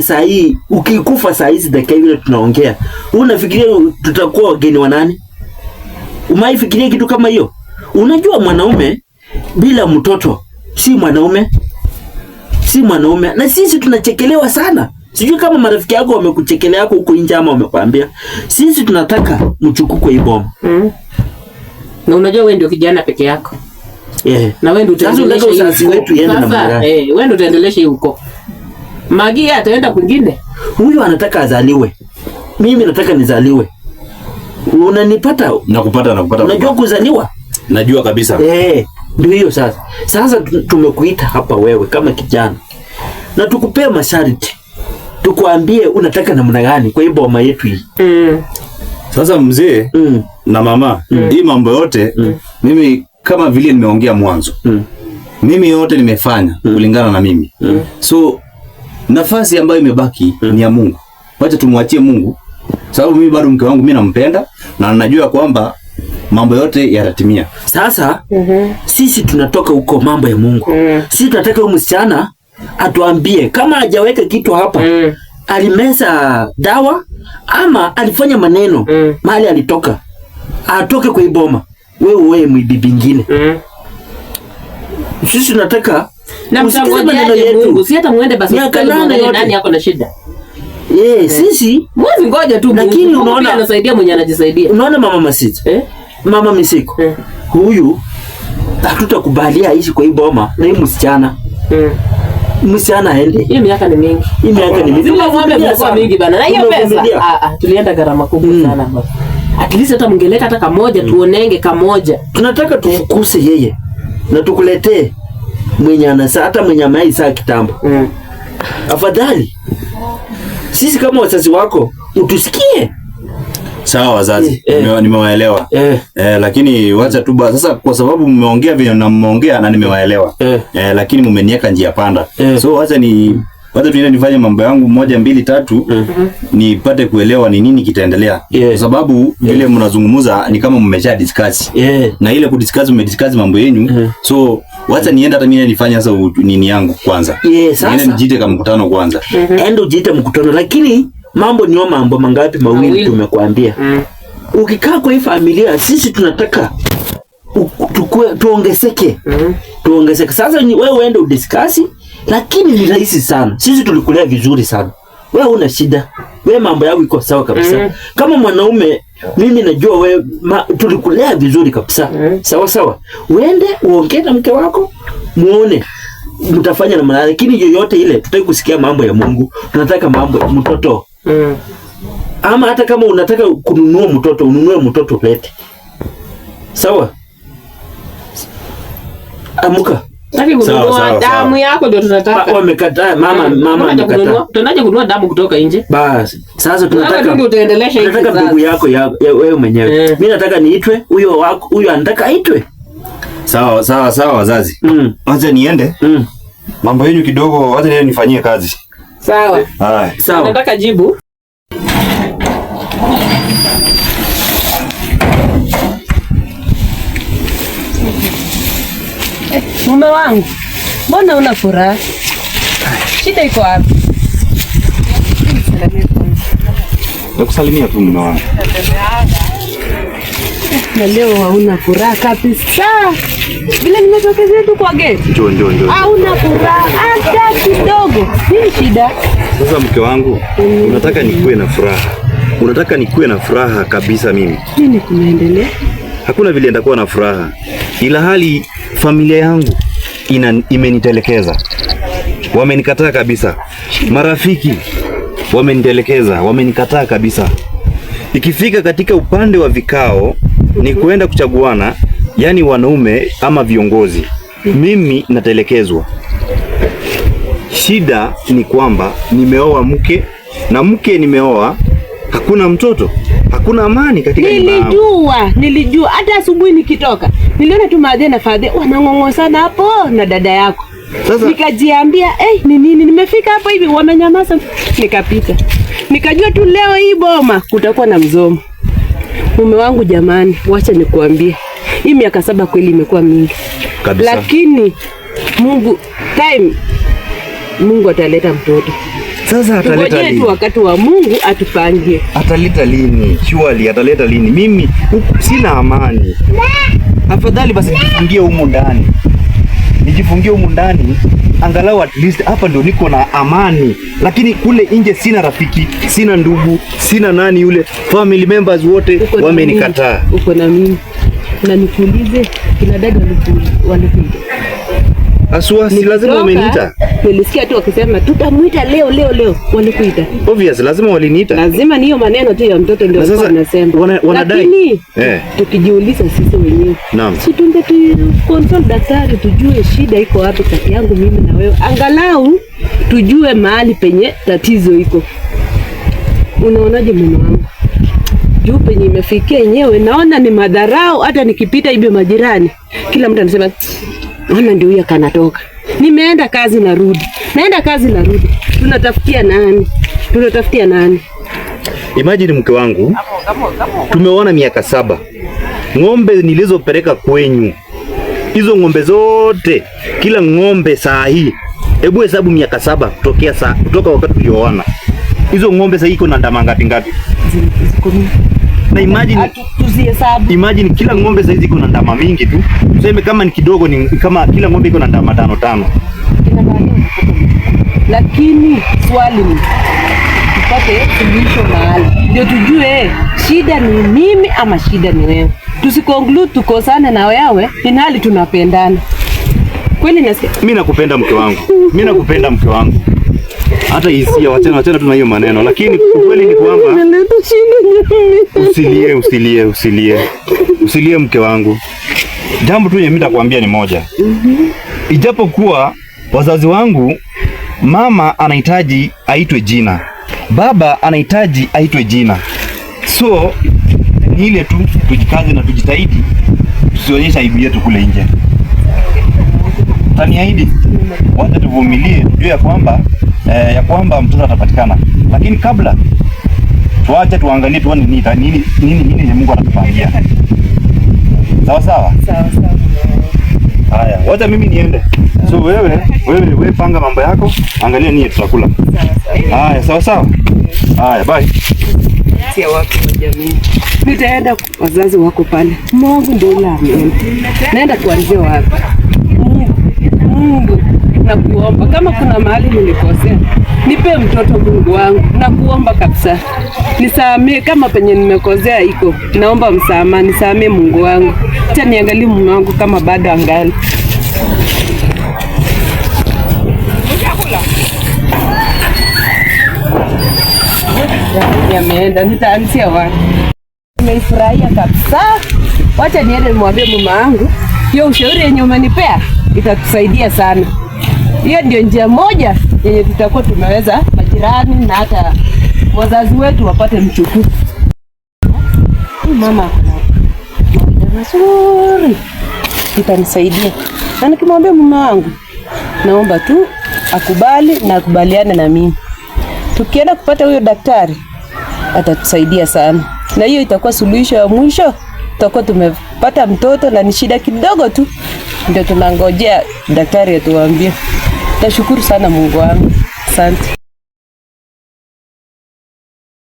wewe saa hii ukikufa saa hizi dakika vile tunaongea, unafikiria tutakuwa wageni wa nani? Umaifikiria kitu kama hiyo? Unajua mwanaume bila mtoto si mwanaume, si mwanaume. Na sisi tunachekelewa sana. Sijui kama marafiki yako wamekuchekelea yako huko nje ama wamekwambia. Sisi tunataka mchukukwe ibomu. Mm. Na unajua wewe ndio kijana peke yako. Yeah. Na wewe ndio utaendelesha uzazi wetu yende na mara. Eh, wewe ndio utaendelesha huko. Magi ataenda kwingine. Huyu anataka azaliwe, mimi nataka nizaliwe. Unanipata? Nakupata, nakupata. Unajua kuzaliwa? Najua kabisa. Eh, ndio hiyo sasa. Sasa tumekuita hapa wewe kama kijana na tukupea masharti, tukuambie unataka namna gani kwa hii boma yetu hii mm. Sasa mzee mm. na mama mm. hii mambo yote mm. mimi kama vile nimeongea mwanzo mm. mimi yote nimefanya mm. kulingana na mimi mm. so nafasi ambayo imebaki hmm. ni ya Mungu. Wacha tumwachie Mungu, sababu mimi bado mke wangu mimi nampenda na najua kwamba mambo yote yatatimia. Sasa mm -hmm. sisi tunatoka huko mambo ya Mungu mm. sisi tunataka huyu msichana atuambie kama hajaweka kitu hapa mm. alimeza dawa ama alifanya maneno mm. mahali alitoka atoke kwa iboma, wewe wewe mwibi bingine mm. sisi tunataka na mtangojeaje Mungu? Si hata muende basi nani yako na shida Yeah, eh. yeah. Sisi mwezi ngoja tu, lakini unaona anasaidia mwenye anajisaidia. Unaona mama Masito eh? Mama Misiko eh. Huyu hatutakubalia aishi kwa hii boma na hii msichana eh. Msichana aende. Hii miaka ni mingi, hii miaka ni mingi, zile ng'ombe mlikuwa mingi bana, na hiyo pesa ah, ah, tulienda gharama kubwa mm. sana bana. At least hata mngeleta hata kamoja mm. tuonenge kamoja. Tunataka eh. tufukuse yeye na tukuletee mwenye anasa hata mwenye amai saa kitambo mm. Afadhali sisi kama wazazi wako utusikie. Sawa wazazi, yeah. Eh. Nimewaelewa yeah. Eh, lakini wacha tu sasa, kwa sababu mmeongea vile na mmeongea na nimewaelewa yeah. Eh, lakini mmeniweka njia panda yeah. So wacha ni wacha tuende nifanye mambo yangu moja mbili tatu, mm -hmm. nipate kuelewa ni nini kitaendelea, yeah. kwa sababu vile yeah. mnazungumza ni kama mmesha discuss yeah. na ile kudiscuss mmediscuss mambo yenu mm -hmm. so wacha nienda hata mimi nifanye sasa nini yangu kwanza, yeah, sasa niende nijite kama mkutano kwanza, mm -hmm. endo jite mkutano, lakini mambo ni mambo mangapi? Mawili tumekwambia, mm. -hmm. ukikaa kwa hii familia, sisi tunataka tukue tuongezeke, mm -hmm. tuongezeke. Sasa wewe uende udiskasi lakini ni rahisi sana. Sisi tulikulea vizuri sana, we una shida, we mambo yako iko sawa kabisa. mm -hmm. Kama mwanaume mimi najua wewe tulikulea vizuri kabisa. mm -hmm. Sawa sawa, uende uongee na mke wako muone mtafanya na mwanae, lakini yoyote ile tutaki kusikia mambo ya Mungu, tunataka mambo ya mtoto. mm. Ama hata kama unataka kununua mtoto ununue mtoto pete, sawa. Amuka damu yako ndio tunataka. Wamekataa oh, mama, mama amekataa. Tunaje kununua damu kutoka nje? Basi sasa tunataka tunataka mbegu yako ya wewe mwenyewe. Mimi eh. nataka niitwe huyo wako, huyo anataka aitwe. Sawa sawa sawa, wazazi. Mm. Wacha niende. Mm. Mambo yenu kidogo, wacha niende nifanyie kazi. Sawa. Haya. Sawa. Nataka jibu. Mume wangu, mbona una furaha? Shida iko wapi? Nakusalimia tu mume wangu. Na leo hauna furaha kabisa. Bila nimetokezea tu kwa gate. Njoo, njoo, njoo. Hauna furaha hata kidogo. Nini shida? Sasa mke wangu, mm. unataka nikuwe na furaha? Unataka nikuwe na furaha kabisa mimi? Nini kunaendelea? Hakuna vile nitakuwa na furaha. Ila hali familia yangu ina imenitelekeza, wamenikataa kabisa. Marafiki wamenitelekeza, wamenikataa kabisa. Ikifika katika upande wa vikao, ni kuenda kuchaguana, yaani wanaume ama viongozi, mimi natelekezwa. Shida ni kwamba nimeoa mke na mke nimeoa hakuna mtoto, hakuna amani katika nilijua, nilijua hata asubuhi nikitoka niliona tu Madhe na Fadhe wanang'ong'osana hapo na dada yako. Sasa nikajiambia eh, ni nini? Nimefika hapo hivi wamenyamaza, nikapita nikajua tu leo hii boma kutakuwa na mzomo. Mume wangu jamani, wacha nikuambie, hii miaka saba kweli imekuwa mingi kabisa, lakini Mungu time Mungu ataleta mtoto sasa ataleta lini? Tu Wakati wa Mungu atupangie. Ataleta lini? Surely ataleta lini? Mimi sina amani. Afadhali basi nijifungie humu ndani, nijifungie humu ndani, angalau at least hapa ndio niko na amani, lakini kule nje sina rafiki, sina ndugu, sina nani yule, family members wote wamenikataa. Uko na mimi na nikuulize, kina dada walikuja Asua, si lazima wameniita. Nilisikia tu wakisema tutamuita leo leo leo, walikuita. Obvious, lazima waliniita. Lazima niyo maneno tu ya mtoto ndio sasa wanasema. Wana, wanadai. Lakini eh, tukijiuliza sisi wenyewe. Naam. Si tunge tu consult daktari tujue shida iko wapi kati yangu mimi na wewe. Angalau tujue mahali penye tatizo iko. Unaonaje mume wangu? Juu penye imefikia yenyewe naona ni madharau, hata nikipita hivi majirani, kila mtu anasema maana ndio huyo kanatoka. Nimeenda kazi na rudi naenda kazi na rudi tunatafutia nani? Tunatafutia nani? Imagine mke wangu, tumeona miaka saba, ng'ombe nilizopeleka kwenyu hizo ng'ombe zote, kila ng'ombe saa hii, hebu hesabu miaka saba tokea saa kutoka wakati tulioana, hizo ng'ombe saa hii iko na ndama ngapi ngapi? na imagine, imagine kila ng'ombe saizi iko na ndama mingi tu, tuseme kama ni kidogo, ni kama kila ng'ombe iko na ndama tano tano, lakini swali ni tupate suluhisho mahali ndio tujue shida ni mimi ama shida ni wewe. Tusikonklude tukosane na wewe, ni tunapendana kweli. Nasikia mimi nakupenda mke wangu, mimi nakupenda mke wangu hata hisia, wachana wachana tu na hiyo maneno, lakini ukweli ni kwamba usilie, usilie, usilie, usilie mke wangu. Jambo tu yenye mimi nitakwambia ni moja, ijapokuwa wazazi wangu, mama anahitaji aitwe jina, baba anahitaji aitwe jina, so ni ile tu tujikaze na tujitahidi tusionyesha aibu yetu kule nje utaniahidi wacha tuvumilie, tujue ya kwamba eh, ya kwamba mtoto atapatikana, lakini kabla tuache tuangalie tuone nini nini nini nini Mungu anatupangia. Sawa sawa sawa sawa. Haya, wacha mimi niende. So wewe wewe wewe panga mambo yako, angalia nini tutakula. Haya, sawa sawa. Haya, bye. Sio wapi wa jamii. Nitaenda wazazi wako pale. Mungu ndio la. Naenda kuanzia wapi? Mungu na kuomba, kama kuna mahali nilikosea, nipe mtoto Mungu wangu na kuomba kabisa, nisamee kama penye nimekosea iko, naomba msamaha, nisamee Mungu wangu, acha niangalie mume wangu kama bado angali ameenda nitaanzia wapi? Nimefurahia kabisa, wacha niende nimwambie mama hiyo ushauri yenye umenipea itatusaidia sana. Hiyo ndio njia moja yenye tutakuwa tumeweza majirani na hata wazazi wetu wapate mchukuku. Mama mawaida mazuri itanisaidia, na nikimwambia mume wangu, naomba tu akubali na akubaliane na mimi, tukienda kupata huyo daktari atatusaidia sana, na hiyo itakuwa suluhisho ya mwisho tutakuwa tume kupata mtoto na ni shida kidogo tu, ndio tunangojea daktari atuambie. Nashukuru sana Mungu wangu, asante.